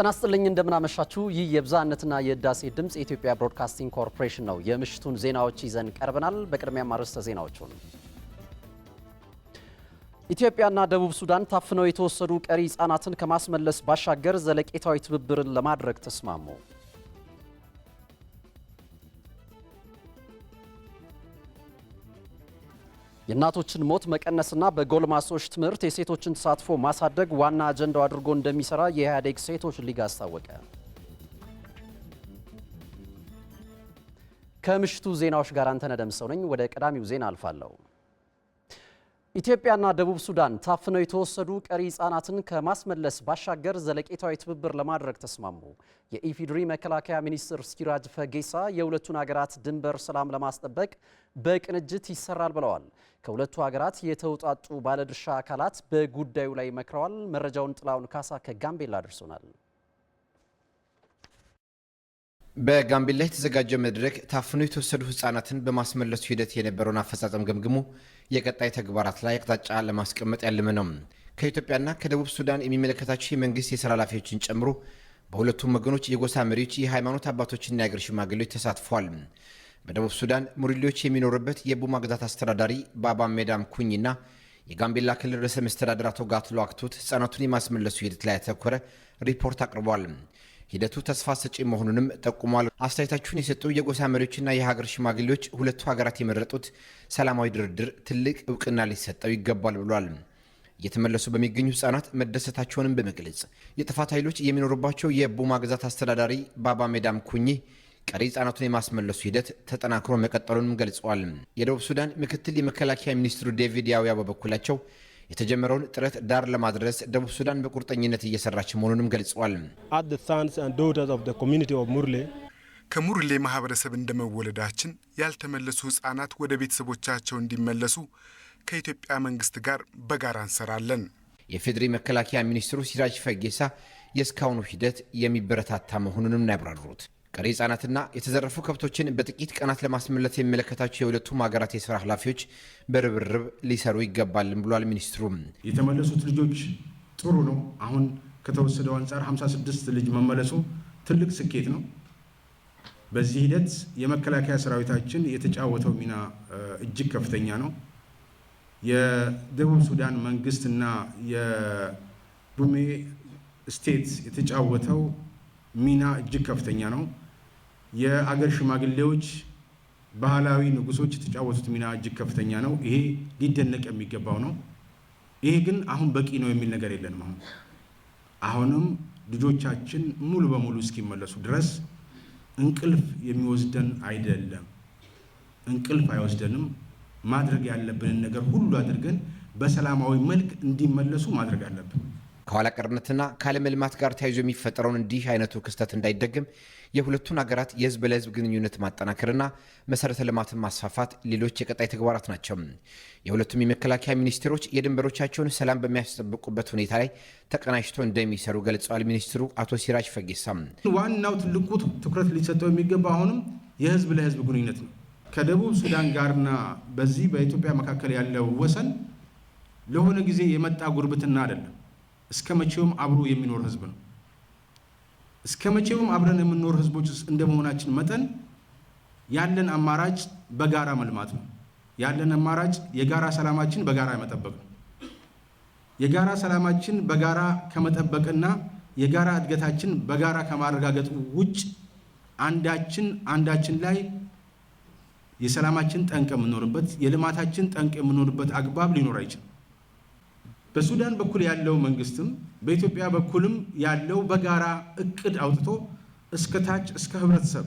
ጤና ይስጥልኝ እንደምናመሻችሁ። ይህ የብዛነትና የህዳሴ ድምፅ የኢትዮጵያ ብሮድካስቲንግ ኮርፖሬሽን ነው። የምሽቱን ዜናዎች ይዘን ቀርበናል። በቅድሚያ አርዕስተ ዜናዎቹን። ኢትዮጵያና ደቡብ ሱዳን ታፍነው የተወሰዱ ቀሪ ህጻናትን ከማስመለስ ባሻገር ዘለቄታዊ ትብብርን ለማድረግ ተስማሙ። የእናቶችን ሞት መቀነስና በጎልማሶች ትምህርት የሴቶችን ተሳትፎ ማሳደግ ዋና አጀንዳው አድርጎ እንደሚሰራ የኢህአዴግ ሴቶች ሊግ አስታወቀ። ከምሽቱ ዜናዎች ጋር አንተነህ ደምሰው ነኝ። ወደ ቀዳሚው ዜና አልፋለሁ። ኢትዮጵያና ደቡብ ሱዳን ታፍነው የተወሰዱ ቀሪ ህጻናትን ከማስመለስ ባሻገር ዘለቄታዊ ትብብር ለማድረግ ተስማሙ። የኢፌዴሪ መከላከያ ሚኒስትር ሲራጅ ፈጌሳ የሁለቱን ሀገራት ድንበር ሰላም ለማስጠበቅ በቅንጅት ይሰራል ብለዋል። ከሁለቱ ሀገራት የተውጣጡ ባለድርሻ አካላት በጉዳዩ ላይ መክረዋል። መረጃውን ጥላውን ካሳ ከጋምቤላ አድርሶናል። በጋምቤላ የተዘጋጀ መድረክ ታፍኖ የተወሰዱ ህጻናትን በማስመለሱ ሂደት የነበረውን አፈጻጸም ገምግሞ የቀጣይ ተግባራት ላይ አቅጣጫ ለማስቀመጥ ያለመ ነው። ከኢትዮጵያና ከደቡብ ሱዳን የሚመለከታቸው የመንግስት የስራ ኃላፊዎችን ጨምሮ በሁለቱም ወገኖች የጎሳ መሪዎች፣ የሃይማኖት አባቶችና የአገር ሽማግሌዎች ተሳትፏል። በደቡብ ሱዳን ሙሪሌዎች የሚኖርበት የቡማ ግዛት አስተዳዳሪ ባባ ሜዳም ኩኝና የጋምቤላ ክልል ርዕሰ መስተዳደር አቶ ጋትሎ አክቶት ህጻናቱን የማስመለሱ ሂደት ላይ ያተኮረ ሪፖርት አቅርቧል። ሂደቱ ተስፋ ሰጪ መሆኑንም ጠቁሟል። አስተያየታችሁን የሰጡ የጎሳ መሪዎችና የሀገር ሽማግሌዎች ሁለቱ ሀገራት የመረጡት ሰላማዊ ድርድር ትልቅ እውቅና ሊሰጠው ይገባል ብሏል። እየተመለሱ በሚገኙ ህጻናት መደሰታቸውንም በመግለጽ የጥፋት ኃይሎች የሚኖሩባቸው የቡማ ግዛት አስተዳዳሪ ባባ ሜዳም ኩኝ ቀሪ ህጻናቱን የማስመለሱ ሂደት ተጠናክሮ መቀጠሉንም ገልጸዋል። የደቡብ ሱዳን ምክትል የመከላከያ ሚኒስትሩ ዴቪድ ያውያ በበኩላቸው የተጀመረውን ጥረት ዳር ለማድረስ ደቡብ ሱዳን በቁርጠኝነት እየሰራች መሆኑንም ገልጸዋል። ከሙርሌ ማህበረሰብ እንደመወለዳችን ያልተመለሱ ህጻናት ወደ ቤተሰቦቻቸው እንዲመለሱ ከኢትዮጵያ መንግስት ጋር በጋራ እንሰራለን። የፌዴሪ መከላከያ ሚኒስትሩ ሲራጅ ፈጌሳ የእስካሁኑ ሂደት የሚበረታታ መሆኑንም ነው ያብራሩት። ቀሪ ህጻናትና የተዘረፉ ከብቶችን በጥቂት ቀናት ለማስመለስ የሚመለከታቸው የሁለቱም ሀገራት የስራ ኃላፊዎች በርብርብ ሊሰሩ ይገባልን ብሏል ሚኒስትሩም። የተመለሱት ልጆች ጥሩ ነው። አሁን ከተወሰደው አንጻር 56 ልጅ መመለሱ ትልቅ ስኬት ነው። በዚህ ሂደት የመከላከያ ሰራዊታችን የተጫወተው ሚና እጅግ ከፍተኛ ነው። የደቡብ ሱዳን መንግስት እና ስቴት የተጫወተው ሚና እጅግ ከፍተኛ ነው። የአገር ሽማግሌዎች፣ ባህላዊ ንጉሶች የተጫወቱት ሚና እጅግ ከፍተኛ ነው። ይሄ ሊደነቅ የሚገባው ነው። ይሄ ግን አሁን በቂ ነው የሚል ነገር የለንም። አሁን አሁንም ልጆቻችን ሙሉ በሙሉ እስኪመለሱ ድረስ እንቅልፍ የሚወስደን አይደለም። እንቅልፍ አይወስደንም። ማድረግ ያለብንን ነገር ሁሉ አድርገን በሰላማዊ መልክ እንዲመለሱ ማድረግ አለብን። ከኋላ ቀርነትና ልማት ጋር ተያይዞ የሚፈጠረውን እንዲህ አይነቱ ክስተት እንዳይደግም የሁለቱን ሀገራት የህዝብ ለህዝብ ግንኙነት ማጠናከርና መሰረተ ልማትን ማስፋፋት ሌሎች የቀጣይ ተግባራት ናቸው። የሁለቱም የመከላከያ ሚኒስትሮች የድንበሮቻቸውን ሰላም በሚያስጠብቁበት ሁኔታ ላይ ተቀናጅቶ እንደሚሰሩ ገልጸዋል። ሚኒስትሩ አቶ ሲራጅ ፈጌሳ ዋናው ትልቁ ትኩረት ሊሰጠው የሚገባ አሁንም የህዝብ ለህዝብ ግንኙነት ነው። ከደቡብ ሱዳን ጋርና በዚህ በኢትዮጵያ መካከል ያለው ወሰን ለሆነ ጊዜ የመጣ ጉርብትና አይደለም። እስከ መቼውም አብሮ የሚኖር ህዝብ ነው። እስከ መቼውም አብረን የምንኖር ህዝቦች እንደ መሆናችን መጠን ያለን አማራጭ በጋራ መልማት ነው። ያለን አማራጭ የጋራ ሰላማችን በጋራ መጠበቅ ነው። የጋራ ሰላማችን በጋራ ከመጠበቅና የጋራ እድገታችን በጋራ ከማረጋገጥ ውጭ አንዳችን አንዳችን ላይ የሰላማችን ጠንቅ የምንኖርበት የልማታችን ጠንቅ የምንኖርበት አግባብ ሊኖር አይችልም። በሱዳን በኩል ያለው መንግስትም በኢትዮጵያ በኩልም ያለው በጋራ እቅድ አውጥቶ እስከ ታች እስከ ህብረተሰብ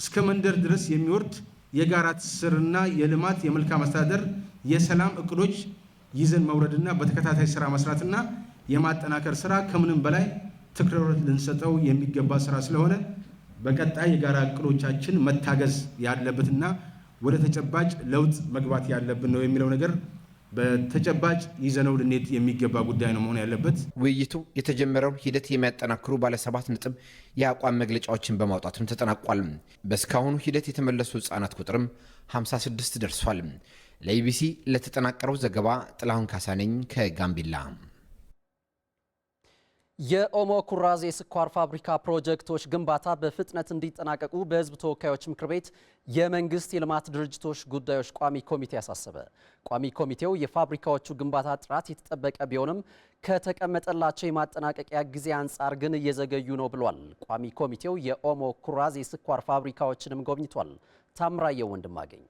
እስከ መንደር ድረስ የሚወርድ የጋራ ትስስርና የልማት የመልካም አስተዳደር የሰላም እቅዶች ይዘን መውረድና በተከታታይ ስራ መስራትና የማጠናከር ስራ ከምንም በላይ ትኩረት ልንሰጠው የሚገባ ስራ ስለሆነ በቀጣይ የጋራ እቅዶቻችን መታገዝ ያለበትና ወደ ተጨባጭ ለውጥ መግባት ያለብን ነው የሚለው ነገር በተጨባጭ ይዘነው ልንሄድ የሚገባ ጉዳይ ነው መሆን ያለበት። ውይይቱ የተጀመረውን ሂደት የሚያጠናክሩ ባለሰባት ነጥብ የአቋም መግለጫዎችን በማውጣትም ተጠናቋል። በእስካሁኑ ሂደት የተመለሱ ህጻናት ቁጥርም 56 ደርሷል። ለኢቢሲ ለተጠናቀረው ዘገባ ጥላሁን ካሳነኝ ከጋምቢላ የኦሞ ኩራዝ የስኳር ፋብሪካ ፕሮጀክቶች ግንባታ በፍጥነት እንዲጠናቀቁ በሕዝብ ተወካዮች ምክር ቤት የመንግስት የልማት ድርጅቶች ጉዳዮች ቋሚ ኮሚቴ አሳሰበ። ቋሚ ኮሚቴው የፋብሪካዎቹ ግንባታ ጥራት የተጠበቀ ቢሆንም ከተቀመጠላቸው የማጠናቀቂያ ጊዜ አንጻር ግን እየዘገዩ ነው ብሏል። ቋሚ ኮሚቴው የኦሞ ኩራዝ የስኳር ፋብሪካዎችንም ጎብኝቷል። ታምራየው ወንድማገኝ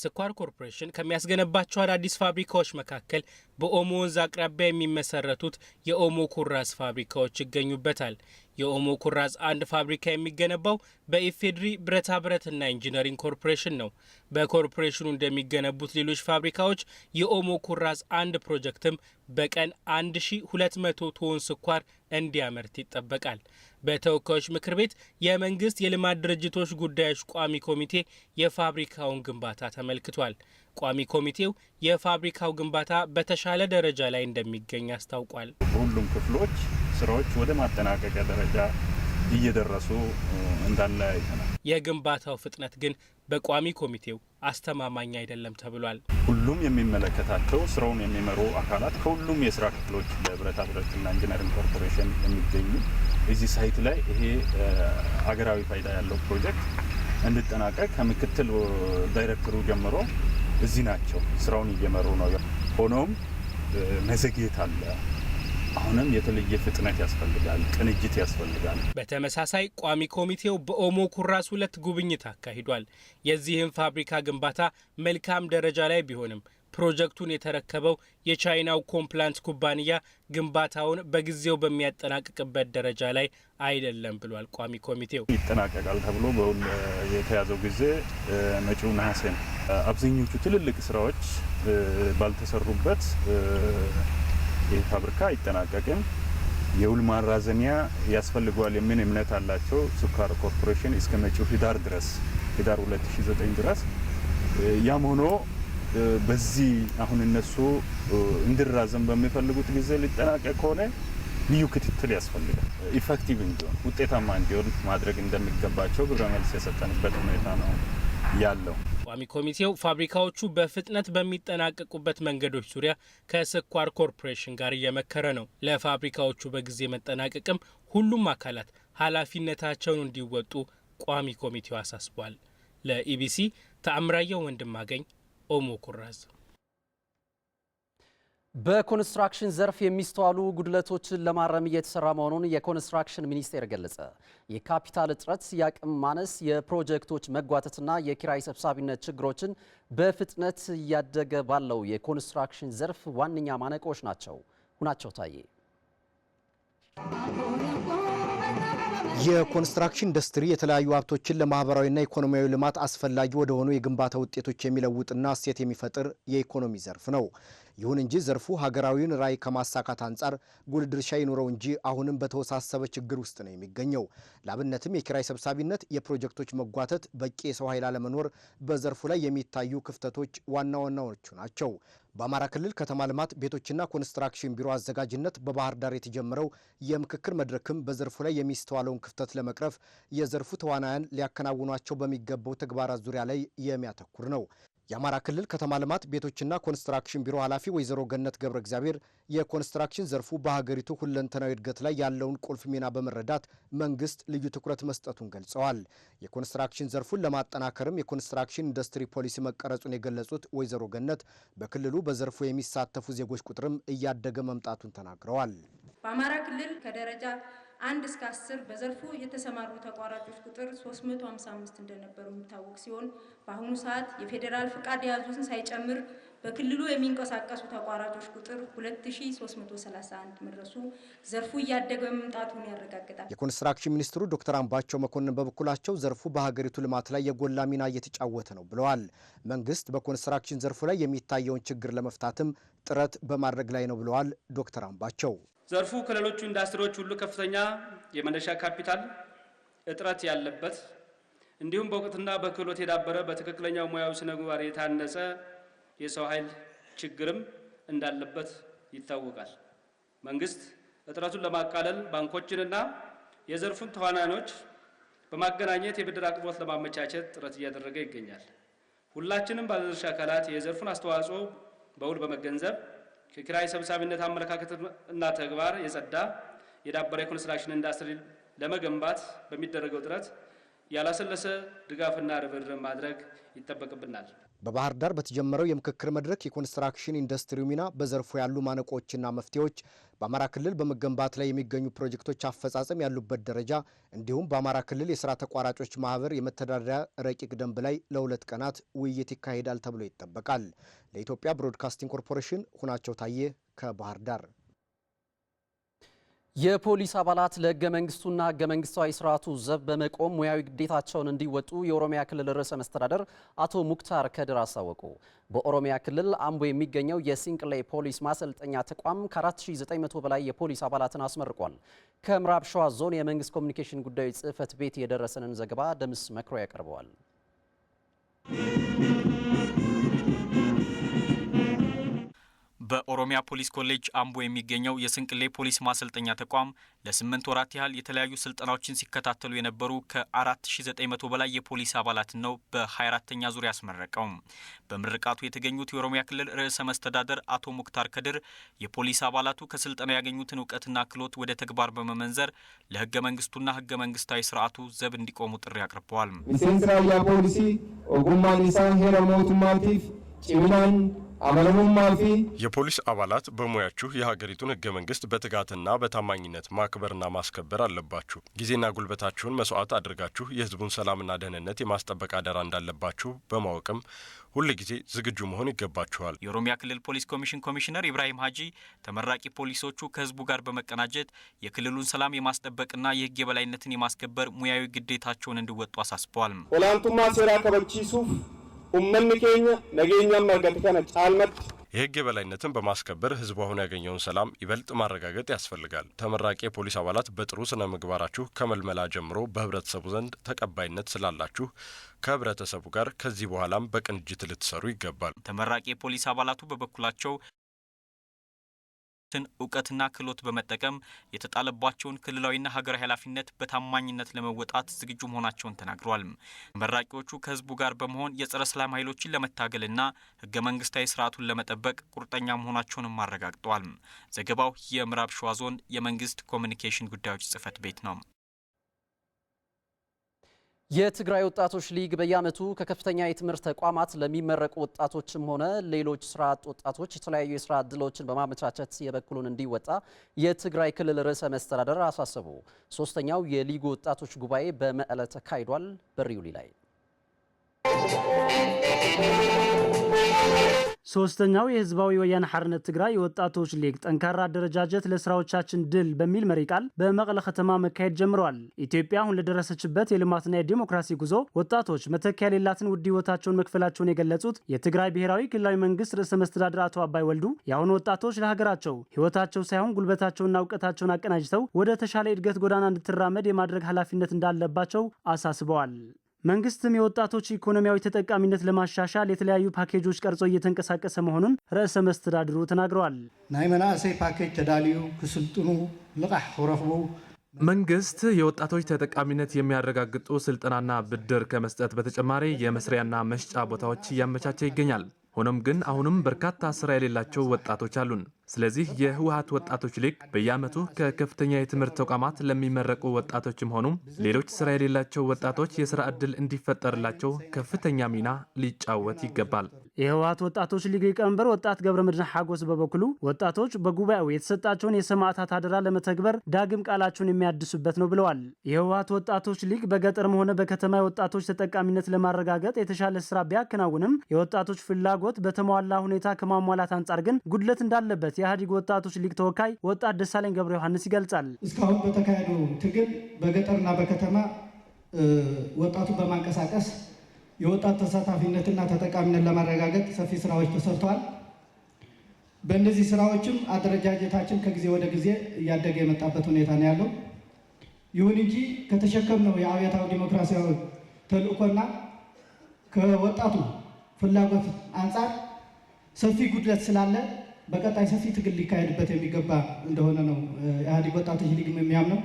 ስኳር ኮርፖሬሽን ከሚያስገነባቸው አዳዲስ ፋብሪካዎች መካከል በኦሞ ወንዝ አቅራቢያ የሚመሰረቱት የኦሞ ኩራዝ ፋብሪካዎች ይገኙበታል። የኦሞ ኩራዝ አንድ ፋብሪካ የሚገነባው በኢፌድሪ ብረታ ብረትና ኢንጂነሪንግ ኮርፖሬሽን ነው። በኮርፖሬሽኑ እንደሚገነቡት ሌሎች ፋብሪካዎች የኦሞ ኩራዝ አንድ ፕሮጀክትም በቀን 1200 ቶን ስኳር እንዲያመርት ይጠበቃል። በተወካዮች ምክር ቤት የመንግስት የልማት ድርጅቶች ጉዳዮች ቋሚ ኮሚቴ የፋብሪካውን ግንባታ ተመልክቷል። ቋሚ ኮሚቴው የፋብሪካው ግንባታ በተሻለ ደረጃ ላይ እንደሚገኝ አስታውቋል። ሁሉም ክፍሎች ስራዎች ወደ ማጠናቀቂያ ደረጃ እየደረሱ እንዳለ ይሆናል። የግንባታው ፍጥነት ግን በቋሚ ኮሚቴው አስተማማኝ አይደለም ተብሏል። ሁሉም የሚመለከታቸው ስራውን የሚመሩ አካላት ከሁሉም የስራ ክፍሎች በብረታ ብረትና ኢንጂነሪንግ ኮርፖሬሽን የሚገኙ እዚህ ሳይት ላይ ይሄ ሀገራዊ ፋይዳ ያለው ፕሮጀክት እንዲጠናቀቅ ከምክትል ዳይሬክተሩ ጀምሮ እዚህ ናቸው፣ ስራውን እየመሩ ነው። ሆኖም መዘግየት አለ። አሁንም የተለየ ፍጥነት ያስፈልጋል፣ ቅንጅት ያስፈልጋል። በተመሳሳይ ቋሚ ኮሚቴው በኦሞ ኩራዝ ሁለት ጉብኝት አካሂዷል። የዚህም ፋብሪካ ግንባታ መልካም ደረጃ ላይ ቢሆንም ፕሮጀክቱን የተረከበው የቻይናው ኮምፕላንት ኩባንያ ግንባታውን በጊዜው በሚያጠናቅቅበት ደረጃ ላይ አይደለም ብሏል። ቋሚ ኮሚቴው ይጠናቀቃል ተብሎ የተያዘው ጊዜ መጪው ነሐሴ ነው። አብዛኞቹ ትልልቅ ስራዎች ባልተሰሩበት ይህ ፋብሪካ አይጠናቀቅም፣ የውል ማራዘሚያ ያስፈልገዋል የሚል እምነት አላቸው። ሱካር ኮርፖሬሽን እስከ መጪው ህዳር ድረስ ህዳር 2009 ድረስ ያም ሆኖ በዚህ አሁን እነሱ እንድራዘም በሚፈልጉት ጊዜ ሊጠናቀቅ ከሆነ ልዩ ክትትል ያስፈልጋል። ኢፌክቲቭ እንዲሆን ውጤታማ እንዲሆን ማድረግ እንደሚገባቸው ግብረ መልስ የሰጠንበት ሁኔታ ነው ያለው። ቋሚ ኮሚቴው ፋብሪካዎቹ በፍጥነት በሚጠናቀቁበት መንገዶች ዙሪያ ከስኳር ኮርፖሬሽን ጋር እየመከረ ነው። ለፋብሪካዎቹ በጊዜ መጠናቀቅም ሁሉም አካላት ኃላፊነታቸውን እንዲወጡ ቋሚ ኮሚቴው አሳስቧል። ለኢቢሲ ተአምራየው ወንድማገኝ ኦሞ ኩራዝ በኮንስትራክሽን ዘርፍ የሚስተዋሉ ጉድለቶችን ለማረም እየተሰራ መሆኑን የኮንስትራክሽን ሚኒስቴር ገለጸ። የካፒታል እጥረት፣ የአቅም ማነስ፣ የፕሮጀክቶች መጓተትና የኪራይ ሰብሳቢነት ችግሮችን በፍጥነት እያደገ ባለው የኮንስትራክሽን ዘርፍ ዋነኛ ማነቆች ናቸው። ሁናቸው ታዬ የኮንስትራክሽን ኢንዱስትሪ የተለያዩ ሀብቶችን ለማህበራዊና ኢኮኖሚያዊ ልማት አስፈላጊ ወደሆኑ የግንባታ ውጤቶች የሚለውጥና እሴት የሚፈጥር የኢኮኖሚ ዘርፍ ነው። ይሁን እንጂ ዘርፉ ሀገራዊውን ራዕይ ከማሳካት አንጻር ጉል ድርሻ ይኑረው እንጂ አሁንም በተወሳሰበ ችግር ውስጥ ነው የሚገኘው። ለአብነትም የኪራይ ሰብሳቢነት፣ የፕሮጀክቶች መጓተት፣ በቂ የሰው ኃይል አለመኖር በዘርፉ ላይ የሚታዩ ክፍተቶች ዋና ዋናዎቹ ናቸው። በአማራ ክልል ከተማ ልማት ቤቶችና ኮንስትራክሽን ቢሮ አዘጋጅነት በባህር ዳር የተጀመረው የምክክር መድረክም በዘርፉ ላይ የሚስተዋለውን ክፍተት ለመቅረፍ የዘርፉ ተዋናያን ሊያከናውኗቸው በሚገባው ተግባራት ዙሪያ ላይ የሚያተኩር ነው። የአማራ ክልል ከተማ ልማት ቤቶችና ኮንስትራክሽን ቢሮ ኃላፊ ወይዘሮ ገነት ገብረ እግዚአብሔር የኮንስትራክሽን ዘርፉ በሀገሪቱ ሁለንተናዊ እድገት ላይ ያለውን ቁልፍ ሚና በመረዳት መንግስት ልዩ ትኩረት መስጠቱን ገልጸዋል። የኮንስትራክሽን ዘርፉን ለማጠናከርም የኮንስትራክሽን ኢንዱስትሪ ፖሊሲ መቀረጹን የገለጹት ወይዘሮ ገነት በክልሉ በዘርፉ የሚሳተፉ ዜጎች ቁጥርም እያደገ መምጣቱን ተናግረዋል። በአማራ ክልል ከደረጃ አንድ እስከ አስር በዘርፉ የተሰማሩ ተቋራጮች ቁጥር 355 እንደነበሩ የሚታወቅ ሲሆን በአሁኑ ሰዓት የፌዴራል ፍቃድ የያዙትን ሳይጨምር በክልሉ የሚንቀሳቀሱ ተቋራጮች ቁጥር 2331 መድረሱ ዘርፉ እያደገ መምጣቱን ያረጋግጣል። የኮንስትራክሽን ሚኒስትሩ ዶክተር አምባቸው መኮንን በበኩላቸው ዘርፉ በሀገሪቱ ልማት ላይ የጎላ ሚና እየተጫወተ ነው ብለዋል። መንግስት በኮንስትራክሽን ዘርፉ ላይ የሚታየውን ችግር ለመፍታትም ጥረት በማድረግ ላይ ነው ብለዋል ዶክተር አምባቸው ዘርፉ ከሌሎቹ ኢንዱስትሪዎች ሁሉ ከፍተኛ የመነሻ ካፒታል እጥረት ያለበት እንዲሁም በእውቀትና በክህሎት የዳበረ በትክክለኛው ሙያዊ ስነ ምግባር የታነጸ የሰው ኃይል ችግርም እንዳለበት ይታወቃል። መንግስት እጥረቱን ለማቃለል ባንኮችንና የዘርፉን ተዋናኞች በማገናኘት የብድር አቅርቦት ለማመቻቸት ጥረት እያደረገ ይገኛል። ሁላችንም ባለድርሻ አካላት የዘርፉን አስተዋጽኦ በውል በመገንዘብ ከኪራይ ሰብሳቢነት እና ተግባር የጸዳ የዳበረ ኮንስትራክሽን ኢንዱስትሪ ለመገንባት በሚደረገው ጥረት ያላሰለሰ ድጋፍና ርብርብ ማድረግ ይጠበቅብናል። በባህር ዳር በተጀመረው የምክክር መድረክ የኮንስትራክሽን ኢንዱስትሪው ሚና፣ በዘርፉ ያሉ ማነቆችና መፍትሄዎች፣ በአማራ ክልል በመገንባት ላይ የሚገኙ ፕሮጀክቶች አፈጻጸም ያሉበት ደረጃ እንዲሁም በአማራ ክልል የስራ ተቋራጮች ማህበር የመተዳደሪያ ረቂቅ ደንብ ላይ ለሁለት ቀናት ውይይት ይካሄዳል ተብሎ ይጠበቃል። ለኢትዮጵያ ብሮድካስቲንግ ኮርፖሬሽን ሁናቸው ታዬ ከባህር ዳር የፖሊስ አባላት ለህገ መንግስቱና ህገ መንግስታዊ ስርዓቱ ዘብ በመቆም ሙያዊ ግዴታቸውን እንዲወጡ የኦሮሚያ ክልል ርዕሰ መስተዳደር አቶ ሙክታር ከድር አስታወቁ። በኦሮሚያ ክልል አምቦ የሚገኘው የሲንቅሌ ፖሊስ ማሰልጠኛ ተቋም ከ4900 በላይ የፖሊስ አባላትን አስመርቋል። ከምዕራብ ሸዋ ዞን የመንግስት ኮሚኒኬሽን ጉዳዮች ጽህፈት ቤት የደረሰንን ዘገባ ደምስ መክሮ ያቀርበዋል። በኦሮሚያ ፖሊስ ኮሌጅ አምቦ የሚገኘው የስንቅሌ ፖሊስ ማሰልጠኛ ተቋም ለስምንት ወራት ያህል የተለያዩ ስልጠናዎችን ሲከታተሉ የነበሩ ከ4900 በላይ የፖሊስ አባላትን ነው በ24ተኛ ዙሪያ ያስመረቀው። በምርቃቱ የተገኙት የኦሮሚያ ክልል ርዕሰ መስተዳደር አቶ ሙክታር ከድር የፖሊስ አባላቱ ከስልጠና ያገኙትን እውቀትና ክህሎት ወደ ተግባር በመመንዘር ለህገ መንግስቱና ህገ መንግስታዊ ስርዓቱ ዘብ እንዲቆሙ ጥሪ አቅርበዋል። ሴንትራያ ፖሊሲ ኦጉማን ኢሳ ሄራ ጭምላን የፖሊስ አባላት በሙያችሁ የሀገሪቱን ህገ መንግስት በትጋትና በታማኝነት ማክበርና ማስከበር አለባችሁ። ጊዜና ጉልበታችሁን መስዋዕት አድርጋችሁ የህዝቡን ሰላምና ደህንነት የማስጠበቅ አደራ እንዳለባችሁ በማወቅም ሁል ጊዜ ዝግጁ መሆን ይገባችኋል። የኦሮሚያ ክልል ፖሊስ ኮሚሽን ኮሚሽነር ኢብራሂም ሀጂ ተመራቂ ፖሊሶቹ ከህዝቡ ጋር በመቀናጀት የክልሉን ሰላም የማስጠበቅና የህግ የበላይነትን የማስከበር ሙያዊ ግዴታቸውን እንዲወጡ አሳስበዋል። ኦላንቱማ ሴራ ከበልቺሱፍ ኡመን ኬኛ ነገኛም መርገት ከነ ጫልመት የህግ የበላይነትን በማስከበር ህዝቡ አሁን ያገኘውን ሰላም ይበልጥ ማረጋገጥ ያስፈልጋል። ተመራቂ የፖሊስ አባላት በጥሩ ስነ ምግባራችሁ ከመልመላ ጀምሮ በህብረተሰቡ ዘንድ ተቀባይነት ስላላችሁ ከህብረተሰቡ ጋር ከዚህ በኋላም በቅንጅት ልትሰሩ ይገባል። ተመራቂ የፖሊስ አባላቱ በበኩላቸው ትን እውቀትና ክህሎት በመጠቀም የተጣለባቸውን ክልላዊና ሀገራዊ ኃላፊነት በታማኝነት ለመወጣት ዝግጁ መሆናቸውን ተናግረዋል። መራቂዎቹ ከህዝቡ ጋር በመሆን የጸረ ሰላም ኃይሎችን ለመታገልና ህገ መንግስታዊ ስርዓቱን ለመጠበቅ ቁርጠኛ መሆናቸውንም አረጋግጠዋል። ዘገባው የምዕራብ ሸዋ ዞን የመንግስት ኮሚኒኬሽን ጉዳዮች ጽህፈት ቤት ነው። የትግራይ ወጣቶች ሊግ በየዓመቱ ከከፍተኛ የትምህርት ተቋማት ለሚመረቁ ወጣቶችም ሆነ ሌሎች ስራ አጥ ወጣቶች የተለያዩ የስራ እድሎችን በማመቻቸት የበኩሉን እንዲወጣ የትግራይ ክልል ርዕሰ መስተዳደር አሳሰቡ። ሶስተኛው የሊጉ ወጣቶች ጉባኤ በመቀለ ተካሂዷል። በሪዩሊ ላይ ሶስተኛው የህዝባዊ ወያነ ሐርነት ትግራይ የወጣቶች ሊግ ጠንካራ አደረጃጀት ለስራዎቻችን ድል በሚል መሪ ቃል በመቀለ ከተማ መካሄድ ጀምረዋል። ኢትዮጵያ አሁን ለደረሰችበት የልማትና የዲሞክራሲ ጉዞ ወጣቶች መተኪያ የሌላትን ውድ ህይወታቸውን መክፈላቸውን የገለጹት የትግራይ ብሔራዊ ክልላዊ መንግስት ርዕሰ መስተዳድር አቶ አባይ ወልዱ የአሁኑ ወጣቶች ለሀገራቸው ህይወታቸው ሳይሆን ጉልበታቸውና እውቀታቸውን አቀናጅተው ወደ ተሻለ እድገት ጎዳና እንድትራመድ የማድረግ ኃላፊነት እንዳለባቸው አሳስበዋል። መንግስትም የወጣቶች ኢኮኖሚያዊ ተጠቃሚነት ለማሻሻል የተለያዩ ፓኬጆች ቀርጾ እየተንቀሳቀሰ መሆኑን ርዕሰ መስተዳድሩ ተናግረዋል። ናይ መናእሰይ ፓኬጅ ተዳልዩ ክስልጥኑ ልቃሕ ክረኽቡ መንግስት የወጣቶች ተጠቃሚነት የሚያረጋግጡ ስልጠናና ብድር ከመስጠት በተጨማሪ የመስሪያና መሸጫ ቦታዎች እያመቻቸ ይገኛል። ሆኖም ግን አሁንም በርካታ ስራ የሌላቸው ወጣቶች አሉን። ስለዚህ የህወሀት ወጣቶች ሊግ በየዓመቱ ከከፍተኛ የትምህርት ተቋማት ለሚመረቁ ወጣቶችም ሆኑም ሌሎች ስራ የሌላቸው ወጣቶች የስራ ዕድል እንዲፈጠርላቸው ከፍተኛ ሚና ሊጫወት ይገባል። የህወሀት ወጣቶች ሊግ ሊቀመንበር ወጣት ገብረመድህን ሓጎስ በበኩሉ ወጣቶች በጉባኤው የተሰጣቸውን የሰማዕታት አደራ ለመተግበር ዳግም ቃላቸውን የሚያድሱበት ነው ብለዋል። የህወሀት ወጣቶች ሊግ በገጠርም ሆነ በከተማ የወጣቶች ተጠቃሚነት ለማረጋገጥ የተሻለ ስራ ቢያከናውንም የወጣቶች ፍላጎት በተሟላ ሁኔታ ከማሟላት አንጻር ግን ጉድለት እንዳለበት የኢህአዴግ ወጣቶች ሊግ ተወካይ ወጣት ደሳለኝ ገብረ ዮሐንስ ይገልጻል። እስካሁን በተካሄደው ትግል በገጠርና በከተማ ወጣቱ በማንቀሳቀስ የወጣት ተሳታፊነትና ተጠቃሚነት ለማረጋገጥ ሰፊ ስራዎች ተሰርተዋል። በእነዚህ ስራዎችም አደረጃጀታችን ከጊዜ ወደ ጊዜ እያደገ የመጣበት ሁኔታ ነው ያለው። ይሁን እንጂ ከተሸከምነው የአብዮታዊ ዲሞክራሲያዊ ተልእኮና ከወጣቱ ፍላጎት አንጻር ሰፊ ጉድለት ስላለ በቀጣይ ሰፊ ትግል ሊካሄድበት የሚገባ እንደሆነ ነው ኢህአዴግ ወጣቶች ሊግም የሚያምነው።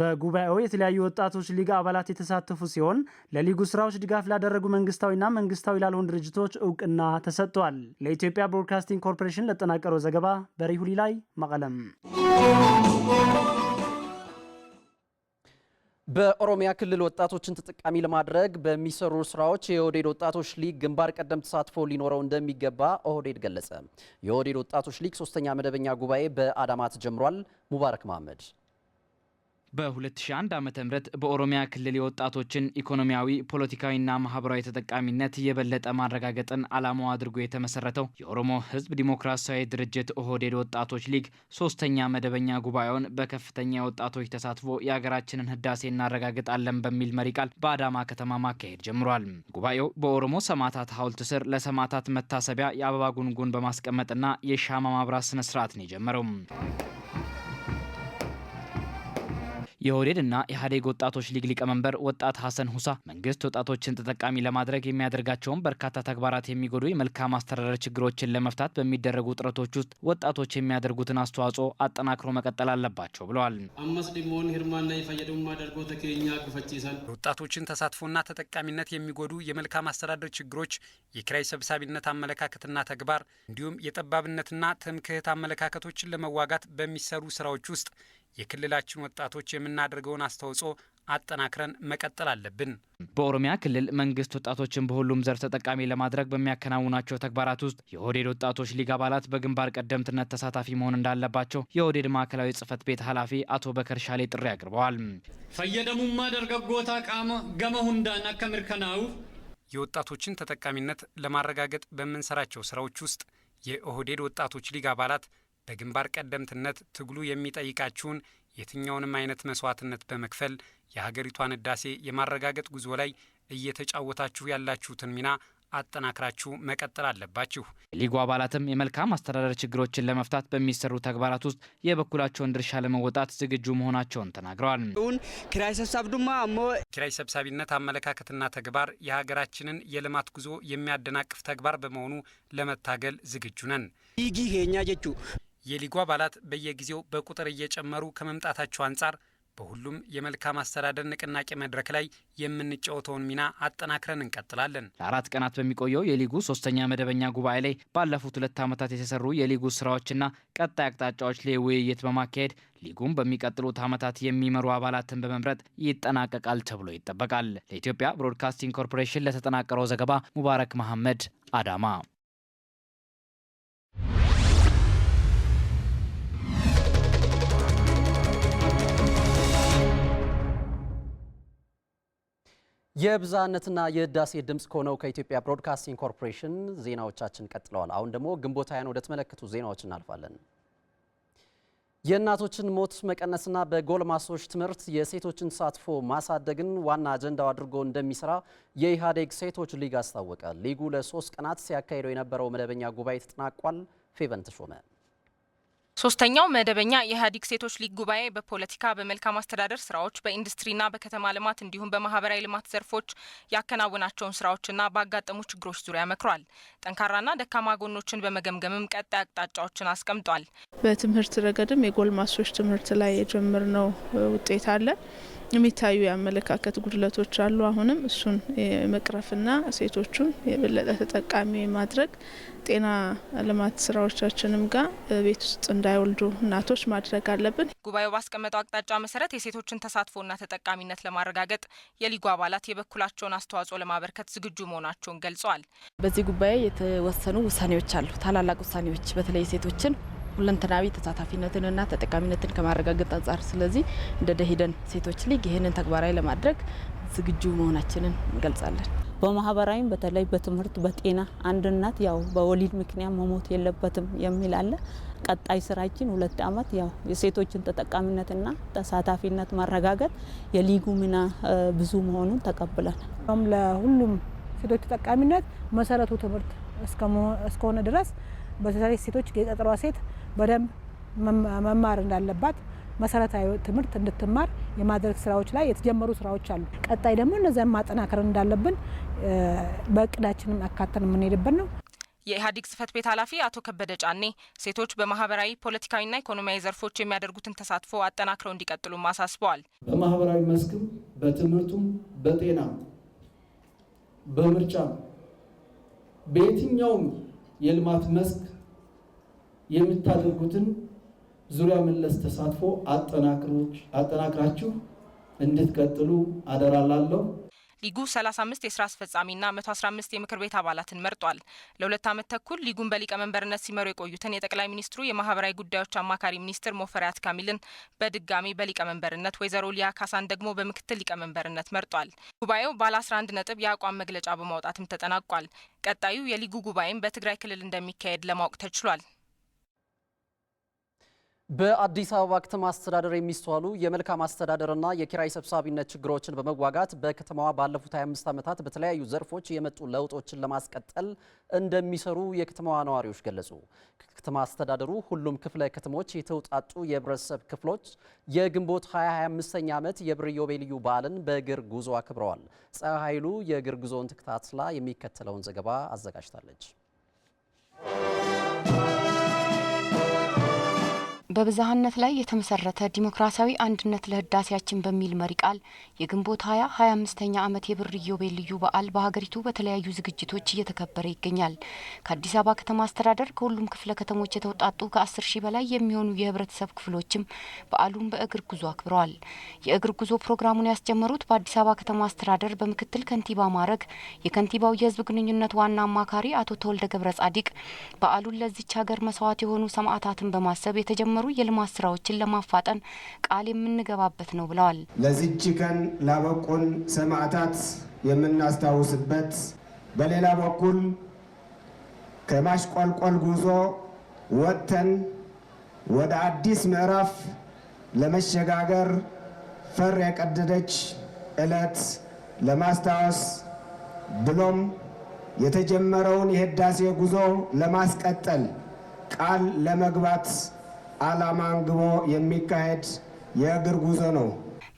በጉባኤው የተለያዩ ወጣቶች ሊግ አባላት የተሳተፉ ሲሆን ለሊጉ ስራዎች ድጋፍ ላደረጉ መንግስታዊና መንግስታዊ ላልሆኑ ድርጅቶች እውቅና ተሰጥቷል። ለኢትዮጵያ ብሮድካስቲንግ ኮርፖሬሽን ለጠናቀረው ዘገባ በሪሁሊ ላይ መቀለም። በኦሮሚያ ክልል ወጣቶችን ተጠቃሚ ለማድረግ በሚሰሩ ስራዎች የኦህዴድ ወጣቶች ሊግ ግንባር ቀደም ተሳትፎ ሊኖረው እንደሚገባ ኦህዴድ ገለጸ። የኦህዴድ ወጣቶች ሊግ ሶስተኛ መደበኛ ጉባኤ በአዳማ ተጀምሯል። ሙባረክ መሐመድ በ2001 ዓ ም በኦሮሚያ ክልል የወጣቶችን ኢኮኖሚያዊ ፖለቲካዊና ማህበራዊ ተጠቃሚነት የበለጠ ማረጋገጥን ዓላማው አድርጎ የተመሰረተው የኦሮሞ ህዝብ ዲሞክራሲያዊ ድርጅት ኦህዴድ ወጣቶች ሊግ ሶስተኛ መደበኛ ጉባኤውን በከፍተኛ የወጣቶች ተሳትፎ የሀገራችንን ህዳሴ እናረጋግጣለን በሚል መሪ ቃል በአዳማ ከተማ ማካሄድ ጀምሯል። ጉባኤው በኦሮሞ ሰማዕታት ሐውልት ስር ለሰማዕታት መታሰቢያ የአበባ ጉንጉን በማስቀመጥና የሻማ ማብራት ስነስርዓትን የጀመረው የኦህዴድ እና ኢህአዴግ ወጣቶች ሊግ ሊቀመንበር ወጣት ሀሰን ሁሳ መንግስት ወጣቶችን ተጠቃሚ ለማድረግ የሚያደርጋቸውን በርካታ ተግባራት የሚጎዱ የመልካም አስተዳደር ችግሮችን ለመፍታት በሚደረጉ ጥረቶች ውስጥ ወጣቶች የሚያደርጉትን አስተዋጽኦ አጠናክሮ መቀጠል አለባቸው ብለዋል። ወጣቶችን ተሳትፎና ተጠቃሚነት የሚጎዱ የመልካም አስተዳደር ችግሮች የኪራይ ሰብሳቢነት አመለካከትና ተግባር እንዲሁም የጠባብነትና ትምክህት አመለካከቶችን ለመዋጋት በሚሰሩ ስራዎች ውስጥ የክልላችን ወጣቶች የምናደርገውን አስተዋጽኦ አጠናክረን መቀጠል አለብን። በኦሮሚያ ክልል መንግስት ወጣቶችን በሁሉም ዘርፍ ተጠቃሚ ለማድረግ በሚያከናውናቸው ተግባራት ውስጥ የኦህዴድ ወጣቶች ሊግ አባላት በግንባር ቀደምትነት ተሳታፊ መሆን እንዳለባቸው የኦህዴድ ማዕከላዊ ጽህፈት ቤት ኃላፊ አቶ በከር ሻሌ ጥሪ አቅርበዋል። ፈየደሙማ ደርገጎታ ቃመ ገመ ሁንዳና የወጣቶችን ተጠቃሚነት ለማረጋገጥ በምንሰራቸው ስራዎች ውስጥ የኦህዴድ ወጣቶች ሊግ አባላት በግንባር ቀደምትነት ትግሉ የሚጠይቃችሁን የትኛውንም አይነት መስዋዕትነት በመክፈል የሀገሪቷን ህዳሴ የማረጋገጥ ጉዞ ላይ እየተጫወታችሁ ያላችሁትን ሚና አጠናክራችሁ መቀጠል አለባችሁ። ሊጉ አባላትም የመልካም አስተዳደር ችግሮችን ለመፍታት በሚሰሩ ተግባራት ውስጥ የበኩላቸውን ድርሻ ለመወጣት ዝግጁ መሆናቸውን ተናግረዋል። ኪራይ ሰብሳቢ ድማ እሞ ኪራይ ሰብሳቢነት አመለካከትና ተግባር የሀገራችንን የልማት ጉዞ የሚያደናቅፍ ተግባር በመሆኑ ለመታገል ዝግጁ ነን። ይጊ ሄኛ ጀቹ የሊጉ አባላት በየጊዜው በቁጥር እየጨመሩ ከመምጣታቸው አንጻር በሁሉም የመልካም አስተዳደር ንቅናቄ መድረክ ላይ የምንጫወተውን ሚና አጠናክረን እንቀጥላለን። ለአራት ቀናት በሚቆየው የሊጉ ሶስተኛ መደበኛ ጉባኤ ላይ ባለፉት ሁለት ዓመታት የተሰሩ የሊጉ ስራዎችና ቀጣይ አቅጣጫዎች ላይ ውይይት በማካሄድ ሊጉን በሚቀጥሉት ዓመታት የሚመሩ አባላትን በመምረጥ ይጠናቀቃል ተብሎ ይጠበቃል። ለኢትዮጵያ ብሮድካስቲንግ ኮርፖሬሽን ለተጠናቀረው ዘገባ ሙባረክ መሐመድ አዳማ የብዛነትና የህዳሴ ድምፅ ከሆነው ከኢትዮጵያ ብሮድካስቲንግ ኮርፖሬሽን ዜናዎቻችን ቀጥለዋል። አሁን ደግሞ ግንቦት ሃያን ወደ ተመለከቱ ዜናዎች እናልፋለን። የእናቶችን ሞት መቀነስና በጎልማሶች ትምህርት የሴቶችን ተሳትፎ ማሳደግን ዋና አጀንዳው አድርጎ እንደሚሰራ የኢህአዴግ ሴቶች ሊግ አስታወቀ። ሊጉ ለሶስት ቀናት ሲያካሂደው የነበረው መደበኛ ጉባኤ ተጠናቋል። ፌቨን ተሾመ ሶስተኛው መደበኛ የኢህአዴግ ሴቶች ሊግ ጉባኤ በፖለቲካ በመልካም አስተዳደር ስራዎች በኢንዱስትሪና በከተማ ልማት እንዲሁም በማህበራዊ ልማት ዘርፎች ያከናወናቸውን ስራዎችና ባጋጠሙ ችግሮች ዙሪያ መክሯል። ጠንካራና ደካማ ጎኖችን በመገምገምም ቀጣይ አቅጣጫዎችን አስቀምጧል። በትምህርት ረገድም የጎልማሶች ትምህርት ላይ የጀመርነው ውጤት አለ። የሚታዩ የአመለካከት ጉድለቶች አሉ። አሁንም እሱን የመቅረፍና ሴቶቹን የበለጠ ተጠቃሚ ማድረግ ጤና ልማት ስራዎቻችንም ጋር ቤት ውስጥ እንዳይወልዱ እናቶች ማድረግ አለብን። ጉባኤው ባስቀመጠው አቅጣጫ መሰረት የሴቶችን ተሳትፎና ተጠቃሚነት ለማረጋገጥ የሊጉ አባላት የበኩላቸውን አስተዋጽኦ ለማበርከት ዝግጁ መሆናቸውን ገልጸዋል። በዚህ ጉባኤ የተወሰኑ ውሳኔዎች አሉ። ታላላቅ ውሳኔዎች በተለይ ሴቶችን ሁለንተናዊ ተሳታፊነትንና ተጠቃሚነትን ከማረጋገጥ አንጻር ስለዚህ እንደ ደሂደን ሴቶች ሊግ ይህንን ተግባራዊ ለማድረግ ዝግጁ መሆናችንን እንገልጻለን። በማህበራዊም በተለይ በትምህርት በጤና አንድ እናት ያው በወሊድ ምክንያት መሞት የለበትም የሚል አለ። ቀጣይ ስራችን ሁለት አመት ያው የሴቶችን ተጠቃሚነትና ተሳታፊነት ማረጋገጥ የሊጉ ሚና ብዙ መሆኑን ተቀብለናል። ለሁሉም ሴቶች ተጠቃሚነት መሰረቱ ትምህርት እስከሆነ ድረስ በተለይ ሴቶች የቀጠሯ ሴት በደንብ መማር እንዳለባት መሰረታዊ ትምህርት እንድትማር የማድረግ ስራዎች ላይ የተጀመሩ ስራዎች አሉ። ቀጣይ ደግሞ እነዚያን ማጠናከር እንዳለብን በእቅዳችንም አካተን የምንሄድበት ነው። የኢህአዴግ ጽህፈት ቤት ኃላፊ አቶ ከበደ ጫኔ ሴቶች በማህበራዊ ፖለቲካዊና ኢኮኖሚያዊ ዘርፎች የሚያደርጉትን ተሳትፎ አጠናክረው እንዲቀጥሉ አሳስበዋል። በማህበራዊ መስክም በትምህርቱም በጤና በምርጫም በየትኛውም የልማት መስክ የምታደርጉትን ዙሪያ መለስ ተሳትፎ አጠናክራችሁ እንድትቀጥሉ አደራላለሁ። ሊጉ 35 የስራ አስፈጻሚና 115 የምክር ቤት አባላትን መርጧል። ለሁለት ዓመት ተኩል ሊጉን በሊቀመንበርነት ሲመሩ የቆዩትን የጠቅላይ ሚኒስትሩ የማህበራዊ ጉዳዮች አማካሪ ሚኒስትር ሞፈሪያት ካሚልን በድጋሚ በሊቀመንበርነት፣ ወይዘሮ ሊያ ካሳን ደግሞ በምክትል ሊቀመንበርነት መርጧል። ጉባኤው ባለ 11 ነጥብ የአቋም መግለጫ በማውጣትም ተጠናቋል። ቀጣዩ የሊጉ ጉባኤም በትግራይ ክልል እንደሚካሄድ ለማወቅ ተችሏል። በአዲስ አበባ ከተማ አስተዳደር የሚስተዋሉ የመልካም አስተዳደርና የኪራይ ሰብሳቢነት ችግሮችን በመዋጋት በከተማዋ ባለፉት 25 ዓመታት በተለያዩ ዘርፎች የመጡ ለውጦችን ለማስቀጠል እንደሚሰሩ የከተማዋ ነዋሪዎች ገለጹ። ከተማ አስተዳደሩ ሁሉም ክፍለ ከተሞች የተውጣጡ የህብረተሰብ ክፍሎች የግንቦት 25 ኛ ዓመት የብር ኢዮቤልዩ በዓልን በእግር ጉዞ አክብረዋል። ፀሐይ ኃይሉ የእግር ጉዞውን ተከታትላ የሚከተለውን ዘገባ አዘጋጅታለች። በብዝሃነት ላይ የተመሰረተ ዲሞክራሲያዊ አንድነት ለህዳሴያችን በሚል መሪ ቃል የግንቦት ሀያ ሀያ አምስተኛ ዓመት የብር ኢዮቤልዩ በዓል በሀገሪቱ በተለያዩ ዝግጅቶች እየተከበረ ይገኛል። ከአዲስ አበባ ከተማ አስተዳደር ከሁሉም ክፍለ ከተሞች የተውጣጡ ከአስር ሺህ በላይ የሚሆኑ የህብረተሰብ ክፍሎችም በዓሉን በእግር ጉዞ አክብረዋል። የእግር ጉዞ ፕሮግራሙን ያስጀመሩት በአዲስ አበባ ከተማ አስተዳደር በምክትል ከንቲባ ማዕረግ የከንቲባው የህዝብ ግንኙነት ዋና አማካሪ አቶ ተወልደ ገብረ ጻዲቅ በዓሉን ለዚች ሀገር መስዋዕት የሆኑ ሰማዕታትን በማሰብ የተጀመሩ የተጀመሩ የልማት ስራዎችን ለማፋጠን ቃል የምንገባበት ነው ብለዋል። ለዚች ቀን ላበቁን ሰማዕታት የምናስታውስበት፣ በሌላ በኩል ከማሽቆልቆል ጉዞ ወጥተን ወደ አዲስ ምዕራፍ ለመሸጋገር ፈር ያቀደደች ዕለት ለማስታወስ ብሎም የተጀመረውን የህዳሴ ጉዞ ለማስቀጠል ቃል ለመግባት ዓላማ አንግቦ የሚካሄድ የእግር ጉዞ ነው።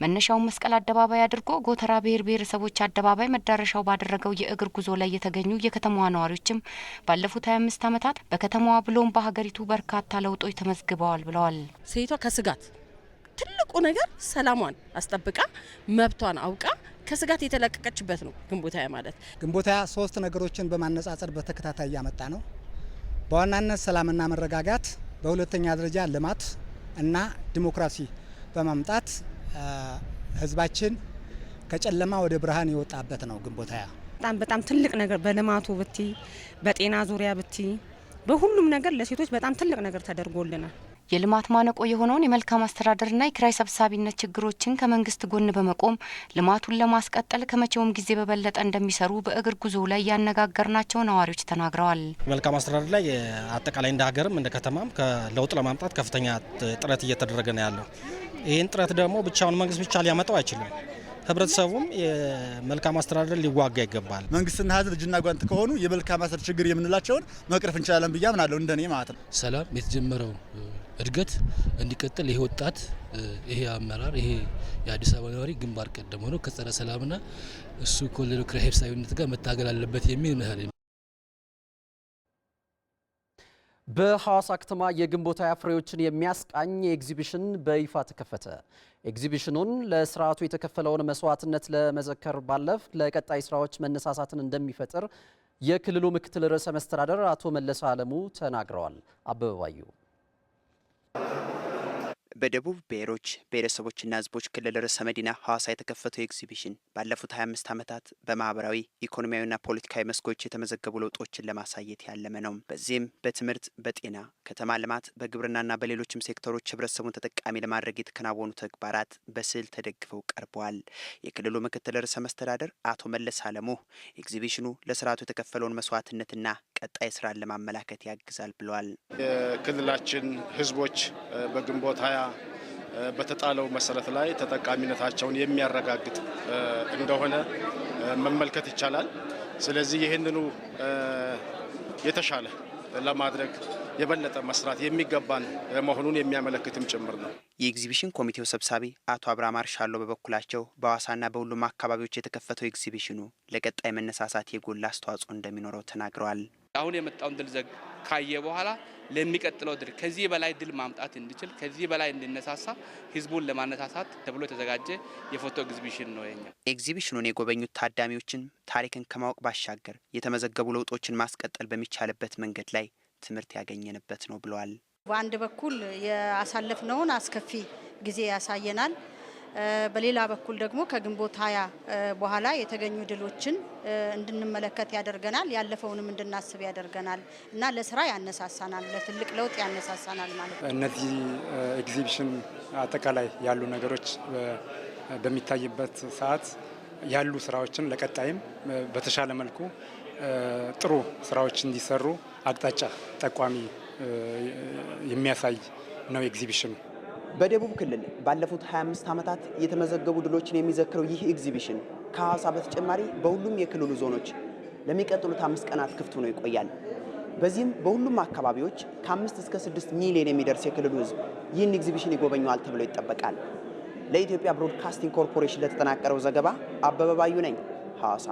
መነሻውን መስቀል አደባባይ አድርጎ ጎተራ ብሔር ብሔረሰቦች አደባባይ መዳረሻው ባደረገው የእግር ጉዞ ላይ የተገኙ የከተማዋ ነዋሪዎችም ባለፉት 25 ዓመታት በከተማዋ ብሎም በሀገሪቱ በርካታ ለውጦች ተመዝግበዋል ብለዋል። ሴቷ ከስጋት ትልቁ ነገር ሰላሟን አስጠብቃ መብቷን አውቃ ከስጋት የተለቀቀችበት ነው። ግንቦት ማለት ግንቦት ሶስት ነገሮችን በማነጻጸር በተከታታይ እያመጣ ነው። በዋናነት ሰላምና መረጋጋት በሁለተኛ ደረጃ ልማት እና ዲሞክራሲ በማምጣት ህዝባችን ከጨለማ ወደ ብርሃን የወጣበት ነው። ግንቦት በጣም በጣም ትልቅ ነገር በልማቱ ብቲ፣ በጤና ዙሪያ ብቲ፣ በሁሉም ነገር ለሴቶች በጣም ትልቅ ነገር ተደርጎልናል። የልማት ማነቆ የሆነውን የመልካም አስተዳደርና የኪራይ ሰብሳቢነት ችግሮችን ከመንግስት ጎን በመቆም ልማቱን ለማስቀጠል ከመቼውም ጊዜ በበለጠ እንደሚሰሩ በእግር ጉዞ ላይ ያነጋገርናቸው ነዋሪዎች ተናግረዋል። መልካም አስተዳደር ላይ አጠቃላይ እንደ ሀገርም እንደ ከተማም ለውጥ ለማምጣት ከፍተኛ ጥረት እየተደረገ ነው ያለው። ይህን ጥረት ደግሞ ብቻውን መንግስት ብቻ ሊያመጣው አይችልም። ህብረተሰቡም የመልካም አስተዳደር ሊዋጋ ይገባል። መንግስትና ህዝብ እጅና ጓንት ከሆኑ የመልካም አስተዳደር ችግር የምንላቸውን መቅረፍ እንችላለን ብዬ አምናለሁ። እንደኔ ማለት ነው። ሰላም የተጀመረው እድገት እንዲቀጥል ይሄ ወጣት ይሄ አመራር ይሄ የአዲስ አበባ ነዋሪ ግንባር ቀደም ሆኖ ከጸረ ሰላምና እሱ ከወለደው ኪራይ ጋር መታገል አለበት የሚል ምህል በሐዋሳ ከተማ የግንቦት ሃያ ፍሬዎችን የሚያስቃኝ ኤግዚቢሽን በይፋ ተከፈተ። ኤግዚቢሽኑን ለስርዓቱ የተከፈለውን መስዋዕትነት ለመዘከር ባለፍ ለቀጣይ ስራዎች መነሳሳትን እንደሚፈጥር የክልሉ ምክትል ርዕሰ መስተዳደር አቶ መለስ አለሙ ተናግረዋል። አበበባዩ በደቡብ ብሔሮች ብሔረሰቦችና ህዝቦች ክልል ርዕሰ መዲና ሐዋሳ የተከፈተው ኤግዚቢሽን ባለፉት 25 ዓመታት በማህበራዊ ኢኮኖሚያዊና ፖለቲካዊ መስኮች የተመዘገቡ ለውጦችን ለማሳየት ያለመ ነው። በዚህም በትምህርት፣ በጤና፣ ከተማ ልማት፣ በግብርናና በሌሎችም ሴክተሮች ህብረተሰቡን ተጠቃሚ ለማድረግ የተከናወኑ ተግባራት በስዕል ተደግፈው ቀርበዋል። የክልሉ ምክትል ርዕሰ መስተዳደር አቶ መለስ አለሙ ኤግዚቢሽኑ ለስርዓቱ የተከፈለውን መስዋዕትነትና ቀጣይ ስራን ለማመላከት ያግዛል ብለዋል። የክልላችን ህዝቦች በግንቦት ሀያ በተጣለው መሰረት ላይ ተጠቃሚነታቸውን የሚያረጋግጥ እንደሆነ መመልከት ይቻላል። ስለዚህ ይህንኑ የተሻለ ለማድረግ የበለጠ መስራት የሚገባን መሆኑን የሚያመለክትም ጭምር ነው። የኤግዚቢሽን ኮሚቴው ሰብሳቢ አቶ አብርሃም አርሻሎ በበኩላቸው በሐዋሳና በሁሉም አካባቢዎች የተከፈተው ኤግዚቢሽኑ ለቀጣይ መነሳሳት የጎላ አስተዋጽኦ እንደሚኖረው ተናግረዋል። አሁን የመጣውን ድል ካየ በኋላ ለሚቀጥለው ድል ከዚህ በላይ ድል ማምጣት እንዲችል ከዚህ በላይ እንዲነሳሳ ህዝቡን ለማነሳሳት ተብሎ የተዘጋጀ የፎቶ ኤግዚቢሽን ነው። የኛ ኤግዚቢሽኑን የጎበኙት ታዳሚዎችን ታሪክን ከማወቅ ባሻገር የተመዘገቡ ለውጦችን ማስቀጠል በሚቻልበት መንገድ ላይ ትምህርት ያገኘንበት ነው ብለዋል። በአንድ በኩል ያሳለፍነውን አስከፊ ጊዜ ያሳየናል። በሌላ በኩል ደግሞ ከግንቦት ሀያ በኋላ የተገኙ ድሎችን እንድንመለከት ያደርገናል። ያለፈውንም እንድናስብ ያደርገናል እና ለስራ ያነሳሳናል፣ ለትልቅ ለውጥ ያነሳሳናል ማለት ነው። እነዚህ ኤግዚቢሽን አጠቃላይ ያሉ ነገሮች በሚታይበት ሰዓት ያሉ ስራዎችን ለቀጣይም በተሻለ መልኩ ጥሩ ስራዎች እንዲሰሩ አቅጣጫ ጠቋሚ የሚያሳይ ነው ኤግዚቢሽኑ። በደቡብ ክልል ባለፉት 25 ዓመታት የተመዘገቡ ድሎችን የሚዘክረው ይህ ኤግዚቢሽን ከሐዋሳ በተጨማሪ በሁሉም የክልሉ ዞኖች ለሚቀጥሉት አምስት ቀናት ክፍት ሆኖ ይቆያል። በዚህም በሁሉም አካባቢዎች ከአምስት እስከ ስድስት ሚሊዮን የሚደርስ የክልሉ ህዝብ ይህን ኤግዚቢሽን ይጎበኘዋል ተብሎ ይጠበቃል። ለኢትዮጵያ ብሮድካስቲንግ ኮርፖሬሽን ለተጠናቀረው ዘገባ አበበባዩ ነኝ ሐዋሳ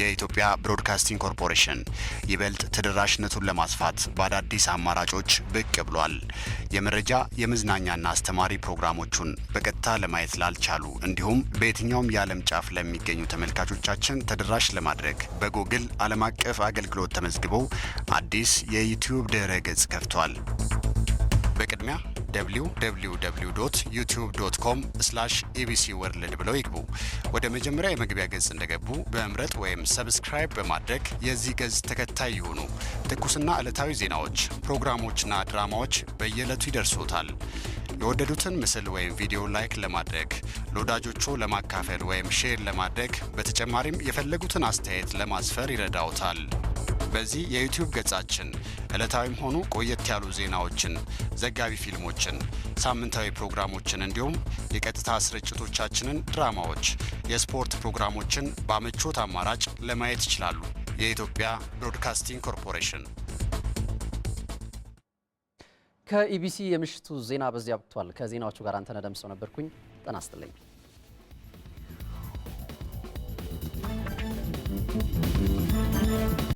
የኢትዮጵያ ብሮድካስቲንግ ኮርፖሬሽን ይበልጥ ተደራሽነቱን ለማስፋት በአዳዲስ አማራጮች ብቅ ብሏል። የመረጃ የመዝናኛና አስተማሪ ፕሮግራሞቹን በቀጥታ ለማየት ላልቻሉ እንዲሁም በየትኛውም የዓለም ጫፍ ለሚገኙ ተመልካቾቻችን ተደራሽ ለማድረግ በጉግል ዓለም አቀፍ አገልግሎት ተመዝግበው አዲስ የዩቲዩብ ድረ ገጽ ከፍቷል። በቅድሚያ ዩቲዩብ ዶት ኮም ስላሽ ኢቢሲ ወርልድ ብለው ይግቡ። ወደ መጀመሪያ የመግቢያ ገጽ እንደገቡ በመምረጥ ወይም ሰብስክራይብ በማድረግ የዚህ ገጽ ተከታይ ይሁኑ። ትኩስና ዕለታዊ ዜናዎች፣ ፕሮግራሞችና ድራማዎች በየዕለቱ ይደርሶታል። የወደዱትን ምስል ወይም ቪዲዮ ላይክ ለማድረግ ለወዳጆቹ ለማካፈል ወይም ሼር ለማድረግ በተጨማሪም የፈለጉትን አስተያየት ለማስፈር ይረዳውታል። በዚህ የዩቲዩብ ገጻችን ዕለታዊም ሆኑ ቆየት ያሉ ዜናዎችን፣ ዘጋቢ ፊልሞችን፣ ሳምንታዊ ፕሮግራሞችን እንዲሁም የቀጥታ ስርጭቶቻችንን፣ ድራማዎች፣ የስፖርት ፕሮግራሞችን በአመቾት አማራጭ ለማየት ይችላሉ። የኢትዮጵያ ብሮድካስቲንግ ኮርፖሬሽን ከኢቢሲ የምሽቱ ዜና በዚህ አብቅቷል። ከዜናዎቹ ጋር አንተነህ ደምሰው ነበርኩኝ። ጤና ይስጥልኝ።